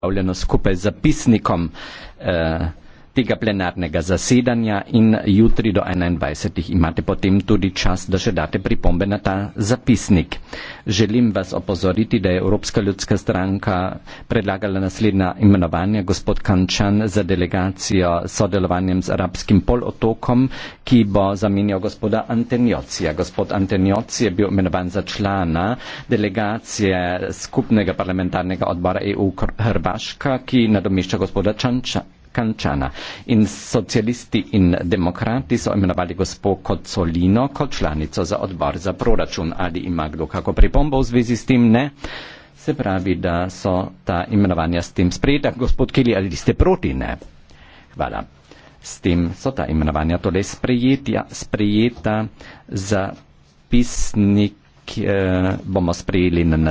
objavljeno skupaj z zapisnikom. Eh, tega plenarnega zasedanja in jutri do 21. imate potem tudi čas, da še date pripombe na ta zapisnik. Želim vas opozoriti, da je Evropska ljudska stranka predlagala naslednja imenovanja gospod Kančan za delegacijo sodelovanjem z arabskim polotokom, ki bo zamenjal gospoda Anteniocija. Gospod Anteniocij je bil imenovan za člana delegacije skupnega parlamentarnega odbora EU Hrvaška, ki nadomešča gospoda Čančana. Kančana. In socialisti in demokrati so imenovali gospo Kocolino kot članico za odbor za proračun. Ali ima kdo kako pripombo v zvezi s tem? Ne. Se pravi, da so ta imenovanja s tem sprejeta. Gospod Kili, ali ste proti? Ne. Hvala. S tem so ta imenovanja torej sprejeta za pisnik. Eh, bomo sprejeli na